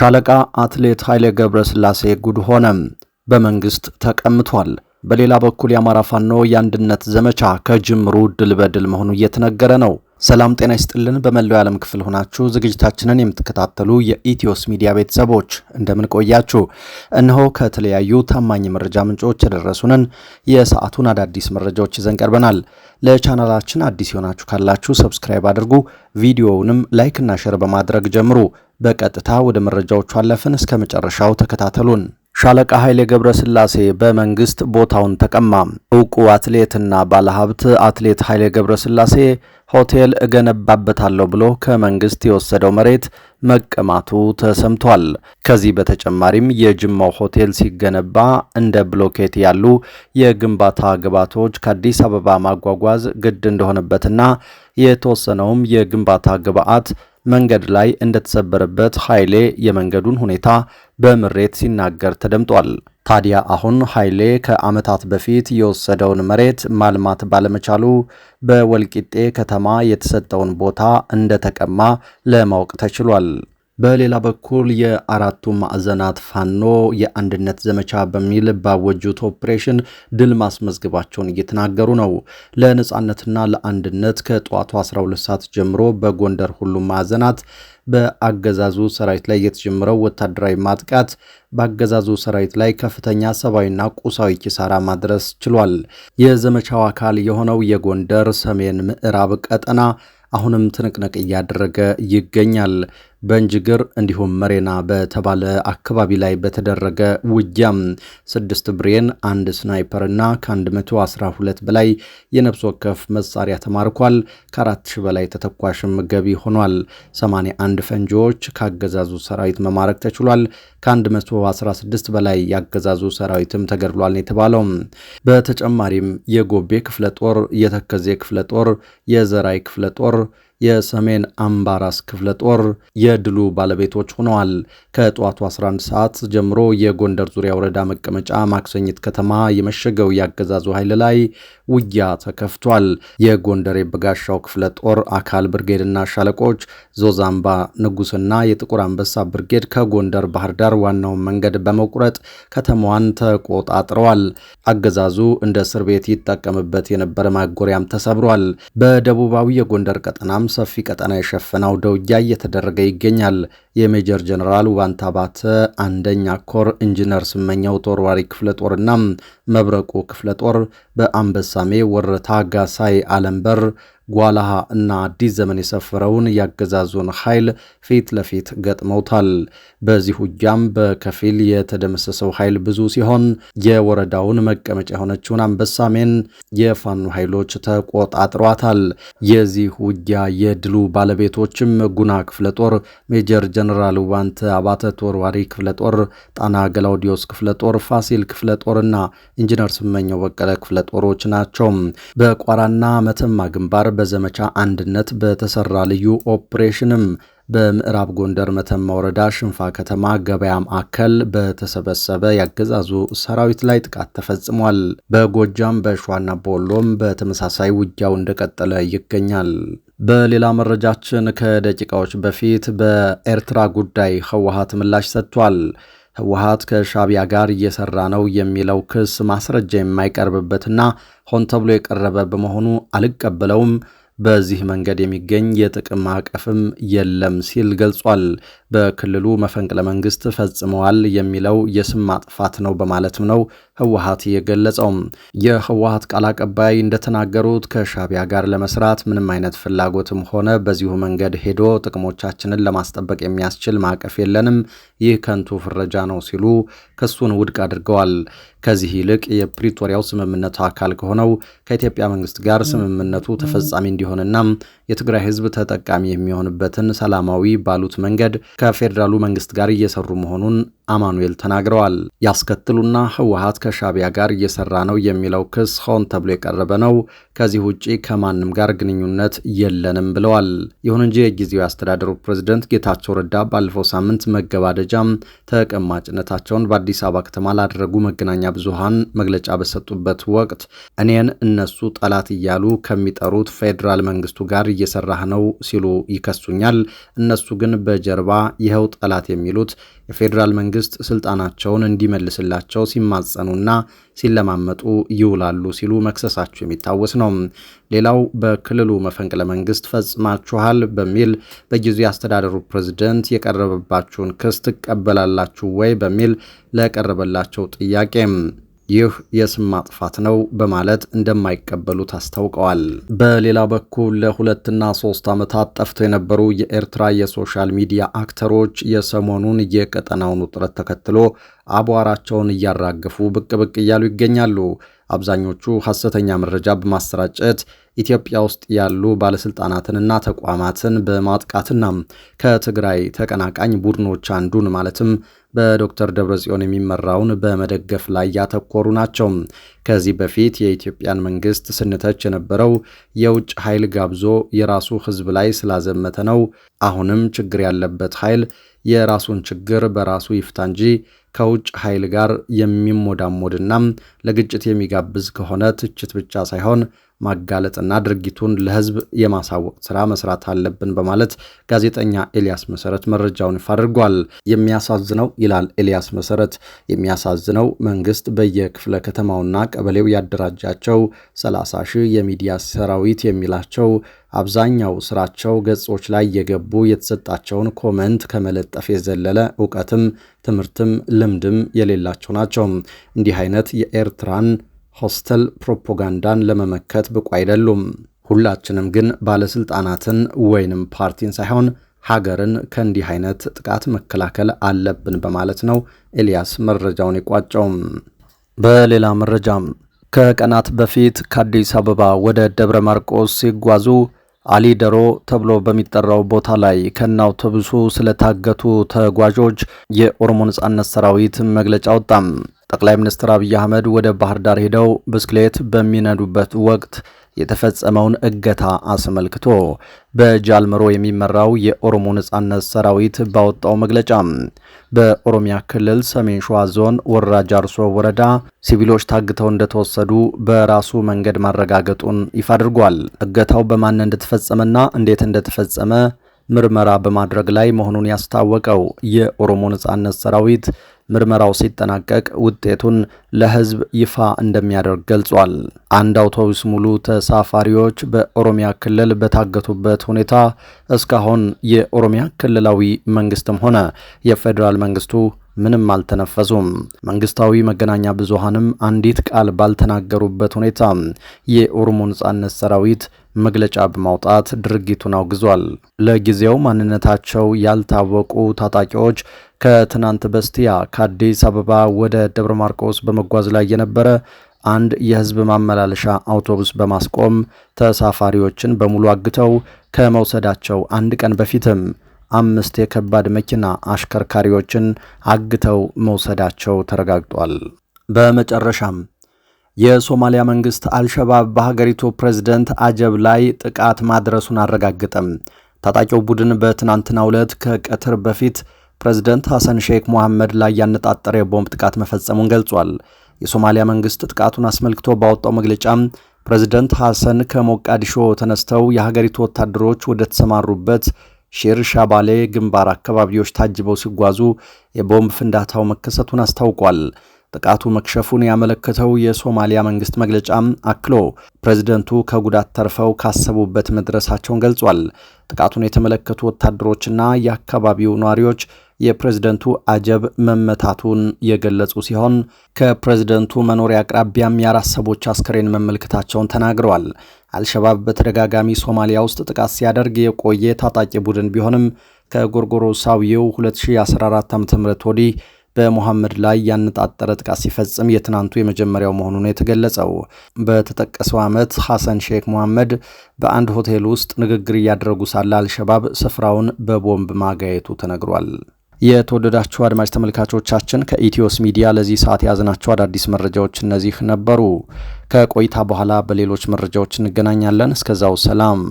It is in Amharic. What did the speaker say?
ሻለቃ አትሌት ኃይሌ ገብረስላሴ ጉድ ሆነ፣ በመንግስት ተቀምቷል። በሌላ በኩል የአማራ ፋኖ የአንድነት ዘመቻ ከጅምሩ ድል በድል መሆኑ እየተነገረ ነው። ሰላም ጤና ይስጥልን። በመላው የዓለም ክፍል ሆናችሁ ዝግጅታችንን የምትከታተሉ የኢትዮስ ሚዲያ ቤተሰቦች እንደምን ቆያችሁ? እነሆ ከተለያዩ ታማኝ መረጃ ምንጮች የደረሱንን የሰዓቱን አዳዲስ መረጃዎች ይዘን ቀርበናል። ለቻናላችን አዲስ የሆናችሁ ካላችሁ ሰብስክራይብ አድርጉ፣ ቪዲዮውንም ላይክና ሸር በማድረግ ጀምሩ። በቀጥታ ወደ መረጃዎቹ አለፍን። እስከ መጨረሻው ተከታተሉን። ሻለቃ ኃይሌ ገብረስላሴ በመንግስት ቦታውን ተቀማ። እውቁ አትሌትና ባለሀብት አትሌት ኃይሌ ገብረስላሴ ሆቴል እገነባበታለሁ ብሎ ከመንግስት የወሰደው መሬት መቀማቱ ተሰምቷል። ከዚህ በተጨማሪም የጅማው ሆቴል ሲገነባ እንደ ብሎኬት ያሉ የግንባታ ግብዓቶች ከአዲስ አበባ ማጓጓዝ ግድ እንደሆነበትና የተወሰነውም የግንባታ ግብዓት መንገድ ላይ እንደተሰበረበት ኃይሌ የመንገዱን ሁኔታ በምሬት ሲናገር ተደምጧል። ታዲያ አሁን ኃይሌ ከዓመታት በፊት የወሰደውን መሬት ማልማት ባለመቻሉ በወልቂጤ ከተማ የተሰጠውን ቦታ እንደተቀማ ለማወቅ ተችሏል። በሌላ በኩል የአራቱ ማዕዘናት ፋኖ የአንድነት ዘመቻ በሚል ባወጁት ኦፕሬሽን ድል ማስመዝግባቸውን እየተናገሩ ነው። ለነፃነትና ለአንድነት ከጠዋቱ 12 ሰዓት ጀምሮ በጎንደር ሁሉም ማዕዘናት በአገዛዙ ሰራዊት ላይ የተጀመረው ወታደራዊ ማጥቃት በአገዛዙ ሰራዊት ላይ ከፍተኛ ሰብአዊና ቁሳዊ ኪሳራ ማድረስ ችሏል። የዘመቻው አካል የሆነው የጎንደር ሰሜን ምዕራብ ቀጠና አሁንም ትንቅንቅ እያደረገ ይገኛል። በእንጅግር እንዲሁም መሬና በተባለ አካባቢ ላይ በተደረገ ውጊያም ስድስት ብሬን፣ አንድ ስናይፐር እና ከ112 በላይ የነፍስ ወከፍ መሳሪያ ተማርኳል። ከ4000 በላይ ተተኳሽም ገቢ ሆኗል። 81 ፈንጂዎች ካገዛዙ ሰራዊት መማረክ ተችሏል። ከ116 በላይ ያገዛዙ ሰራዊትም ተገድሏል የተባለው በተጨማሪም የጎቤ ክፍለ ጦር፣ የተከዜ ክፍለ ጦር፣ የዘራይ ክፍለ ጦር የሰሜን አምባራስ ክፍለ ጦር የድሉ ባለቤቶች ሆነዋል። ከጠዋቱ 11 ሰዓት ጀምሮ የጎንደር ዙሪያ ወረዳ መቀመጫ ማክሰኝት ከተማ የመሸገው የአገዛዙ ኃይል ላይ ውጊያ ተከፍቷል። የጎንደር የበጋሻው ክፍለ ጦር አካል ብርጌድና ሻለቆች ዞዛምባ ንጉስና የጥቁር አንበሳ ብርጌድ ከጎንደር ባህር ዳር ዋናውን መንገድ በመቁረጥ ከተማዋን ተቆጣጥረዋል። አገዛዙ እንደ እስር ቤት ይጠቀምበት የነበረ ማጎሪያም ተሰብሯል። በደቡባዊ የጎንደር ቀጠናም ሰፊ ቀጠና የሸፈነ አውደ ውጊያ እየተደረገ ይገኛል። የሜጀር ጀነራል ውባንታ ባተ አንደኛ ኮር ኢንጂነር ስመኛው ተወርዋሪ ክፍለ ጦርና መብረቁ ክፍለ ጦር በአንበሳሜ፣ ወረታ፣ ጋሳይ፣ አለምበር ጓላሃ እና አዲስ ዘመን የሰፈረውን የአገዛዙን ኃይል ፊት ለፊት ገጥመውታል። በዚህ ውጊያም በከፊል የተደመሰሰው ኃይል ብዙ ሲሆን የወረዳውን መቀመጫ የሆነችውን አንበሳሜን የፋኖ ኃይሎች ተቆጣጥሯታል። የዚህ ውጊያ የድሉ ባለቤቶችም ጉና ክፍለ ጦር ሜጀር ጀነራል ዋንተ አባተ ተወርዋሪ ክፍለ ጦር፣ ጣና ገላውዲዮስ ክፍለ ጦር፣ ፋሲል ክፍለ ጦርና ኢንጂነር ስመኘው በቀለ ክፍለ ጦሮች ናቸው። በቋራና መተማ ግንባር በዘመቻ አንድነት በተሰራ ልዩ ኦፕሬሽንም በምዕራብ ጎንደር መተማ ወረዳ ሽንፋ ከተማ ገበያ ማዕከል በተሰበሰበ ያገዛዙ ሰራዊት ላይ ጥቃት ተፈጽሟል። በጎጃም በሸዋና በወሎም በተመሳሳይ ውጊያው እንደቀጠለ ይገኛል። በሌላ መረጃችን ከደቂቃዎች በፊት በኤርትራ ጉዳይ ህወሓት ምላሽ ሰጥቷል። ህወሀት ከሻቢያ ጋር እየሰራ ነው የሚለው ክስ ማስረጃ የማይቀርብበትና ሆን ተብሎ የቀረበ በመሆኑ አልቀበለውም፣ በዚህ መንገድ የሚገኝ የጥቅም ማዕቀፍም የለም ሲል ገልጿል። በክልሉ መፈንቅለ መንግስት ፈጽመዋል የሚለው የስም ማጥፋት ነው በማለትም ነው ህወሀት የገለጸው። የህወሀት ቃል አቀባይ እንደተናገሩት ከሻቢያ ጋር ለመስራት ምንም አይነት ፍላጎትም ሆነ በዚሁ መንገድ ሄዶ ጥቅሞቻችንን ለማስጠበቅ የሚያስችል ማዕቀፍ የለንም፣ ይህ ከንቱ ፍረጃ ነው ሲሉ ክሱን ውድቅ አድርገዋል። ከዚህ ይልቅ የፕሪቶሪያው ስምምነቱ አካል ከሆነው ከኢትዮጵያ መንግስት ጋር ስምምነቱ ተፈጻሚ እንዲሆንና የትግራይ ህዝብ ተጠቃሚ የሚሆንበትን ሰላማዊ ባሉት መንገድ ከፌዴራሉ መንግስት ጋር እየሰሩ መሆኑን አማኑኤል ተናግረዋል። ያስከትሉና ህወሀት ከሻቢያ ጋር እየሰራ ነው የሚለው ክስ ሆን ተብሎ የቀረበ ነው፣ ከዚህ ውጪ ከማንም ጋር ግንኙነት የለንም ብለዋል። ይሁን እንጂ የጊዜው የአስተዳደሩ ፕሬዝደንት ጌታቸው ረዳ ባለፈው ሳምንት መገባደጃም ተቀማጭነታቸውን በአዲስ አበባ ከተማ ላደረጉ መገናኛ ብዙሃን መግለጫ በሰጡበት ወቅት እኔን እነሱ ጠላት እያሉ ከሚጠሩት ፌዴራል መንግስቱ ጋር እየሰራህ ነው ሲሉ ይከሱኛል፣ እነሱ ግን በጀርባ ይኸው ጠላት የሚሉት የፌዴራል መንግስት መንግስት ስልጣናቸውን እንዲመልስላቸው ሲማጸኑና ሲለማመጡ ይውላሉ ሲሉ መክሰሳቸው የሚታወስ ነው። ሌላው በክልሉ መፈንቅለ መንግስት ፈጽማችኋል በሚል በጊዜ አስተዳደሩ ፕሬዝደንት የቀረበባችሁን ክስ ትቀበላላችሁ ወይ በሚል ለቀረበላቸው ጥያቄ ይህ የስም ማጥፋት ነው በማለት እንደማይቀበሉት አስታውቀዋል። በሌላ በኩል ለሁለትና ሶስት ዓመታት ጠፍተው የነበሩ የኤርትራ የሶሻል ሚዲያ አክተሮች የሰሞኑን የቀጠናውን ውጥረት ተከትሎ አቧራቸውን እያራገፉ ብቅ ብቅ እያሉ ይገኛሉ። አብዛኞቹ ሐሰተኛ መረጃ በማሰራጨት ኢትዮጵያ ውስጥ ያሉ ባለስልጣናትንና ተቋማትን በማጥቃትና ከትግራይ ተቀናቃኝ ቡድኖች አንዱን ማለትም በዶክተር ደብረጽዮን የሚመራውን በመደገፍ ላይ ያተኮሩ ናቸው። ከዚህ በፊት የኢትዮጵያን መንግስት ስንተች የነበረው የውጭ ኃይል ጋብዞ የራሱ ሕዝብ ላይ ስላዘመተ ነው። አሁንም ችግር ያለበት ኃይል የራሱን ችግር በራሱ ይፍታ እንጂ ከውጭ ኃይል ጋር የሚሞዳሞድና ለግጭት የሚጋብዝ ከሆነ ትችት ብቻ ሳይሆን ማጋለጥና ድርጊቱን ለህዝብ የማሳወቅ ስራ መስራት አለብን በማለት ጋዜጠኛ ኤልያስ መሰረት መረጃውን ይፋ አድርጓል። የሚያሳዝነው ይላል ኤልያስ መሰረት፣ የሚያሳዝነው መንግስት በየክፍለ ከተማውና ቀበሌው ያደራጃቸው 30 ሺህ የሚዲያ ሰራዊት የሚላቸው አብዛኛው ስራቸው ገጾች ላይ የገቡ የተሰጣቸውን ኮመንት ከመለጠፍ የዘለለ እውቀትም ትምህርትም ልምድም የሌላቸው ናቸው። እንዲህ አይነት የኤርትራን ሆስተል ፕሮፓጋንዳን ለመመከት ብቁ አይደሉም። ሁላችንም ግን ባለስልጣናትን ወይንም ፓርቲን ሳይሆን ሀገርን ከእንዲህ አይነት ጥቃት መከላከል አለብን በማለት ነው ኤልያስ መረጃውን የቋጨው። በሌላ መረጃም ከቀናት በፊት ከአዲስ አበባ ወደ ደብረ ማርቆስ ሲጓዙ አሊ ደሮ ተብሎ በሚጠራው ቦታ ላይ ከነ አውቶቡሱ ስለታገቱ ተጓዦች የኦሮሞ ነጻነት ሰራዊት መግለጫ ወጣም። ጠቅላይ ሚኒስትር አብይ አህመድ ወደ ባህር ዳር ሄደው ብስክሌት በሚነዱበት ወቅት የተፈጸመውን እገታ አስመልክቶ በጃልመሮ የሚመራው የኦሮሞ ነጻነት ሰራዊት ባወጣው መግለጫ በኦሮሚያ ክልል ሰሜን ሸዋ ዞን ወራ ጃርሶ ወረዳ ሲቪሎች ታግተው እንደተወሰዱ በራሱ መንገድ ማረጋገጡን ይፋ አድርጓል። እገታው በማን እንደተፈጸመና እንዴት እንደተፈጸመ ምርመራ በማድረግ ላይ መሆኑን ያስታወቀው የኦሮሞ ነጻነት ሰራዊት ምርመራው ሲጠናቀቅ ውጤቱን ለህዝብ ይፋ እንደሚያደርግ ገልጿል። አንድ አውቶቡስ ሙሉ ተሳፋሪዎች በኦሮሚያ ክልል በታገቱበት ሁኔታ እስካሁን የኦሮሚያ ክልላዊ መንግስትም ሆነ የፌዴራል መንግስቱ ምንም አልተነፈሱም። መንግስታዊ መገናኛ ብዙሃንም አንዲት ቃል ባልተናገሩበት ሁኔታ የኦሮሞ ነጻነት ሰራዊት መግለጫ በማውጣት ድርጊቱን አውግዟል። ለጊዜው ማንነታቸው ያልታወቁ ታጣቂዎች ከትናንት በስቲያ ከአዲስ አበባ ወደ ደብረ ማርቆስ በመጓዝ ላይ የነበረ አንድ የህዝብ ማመላለሻ አውቶቡስ በማስቆም ተሳፋሪዎችን በሙሉ አግተው ከመውሰዳቸው አንድ ቀን በፊትም አምስት የከባድ መኪና አሽከርካሪዎችን አግተው መውሰዳቸው ተረጋግጧል። በመጨረሻም የሶማሊያ መንግስት አልሸባብ በሀገሪቱ ፕሬዝደንት አጀብ ላይ ጥቃት ማድረሱን አረጋግጠም። ታጣቂው ቡድን በትናንትናው ዕለት ከቀትር በፊት ፕሬዝደንት ሐሰን ሼክ ሞሐመድ ላይ ያነጣጠረ የቦምብ ጥቃት መፈጸሙን ገልጿል። የሶማሊያ መንግስት ጥቃቱን አስመልክቶ ባወጣው መግለጫም ፕሬዝደንት ሐሰን ከሞቃዲሾ ተነስተው የሀገሪቱ ወታደሮች ወደ ተሰማሩበት ሼርሻ ባሌ ግንባር አካባቢዎች ታጅበው ሲጓዙ የቦምብ ፍንዳታው መከሰቱን አስታውቋል። ጥቃቱ መክሸፉን ያመለከተው የሶማሊያ መንግስት መግለጫ አክሎ ፕሬዝደንቱ ከጉዳት ተርፈው ካሰቡበት መድረሳቸውን ገልጿል። ጥቃቱን የተመለከቱ ወታደሮችና የአካባቢው ነዋሪዎች የፕሬዝደንቱ አጀብ መመታቱን የገለጹ ሲሆን ከፕሬዝደንቱ መኖሪያ አቅራቢያም የአራት ሰዎች አስከሬን መመልከታቸውን ተናግረዋል። አልሸባብ በተደጋጋሚ ሶማሊያ ውስጥ ጥቃት ሲያደርግ የቆየ ታጣቂ ቡድን ቢሆንም ከጎርጎሮሳዊው 2014 .ም ወዲህ በሙሐመድ ላይ ያነጣጠረ ጥቃት ሲፈጽም የትናንቱ የመጀመሪያው መሆኑ ነው የተገለጸው። በተጠቀሰው ዓመት ሐሰን ሼክ ሙሐመድ በአንድ ሆቴል ውስጥ ንግግር እያደረጉ ሳለ አልሸባብ ስፍራውን በቦምብ ማጋየቱ ተነግሯል። የተወደዳችሁ አድማጭ ተመልካቾቻችን ከኢትዮስ ሚዲያ ለዚህ ሰዓት የያዝናቸው አዳዲስ መረጃዎች እነዚህ ነበሩ። ከቆይታ በኋላ በሌሎች መረጃዎች እንገናኛለን። እስከዛው ሰላም።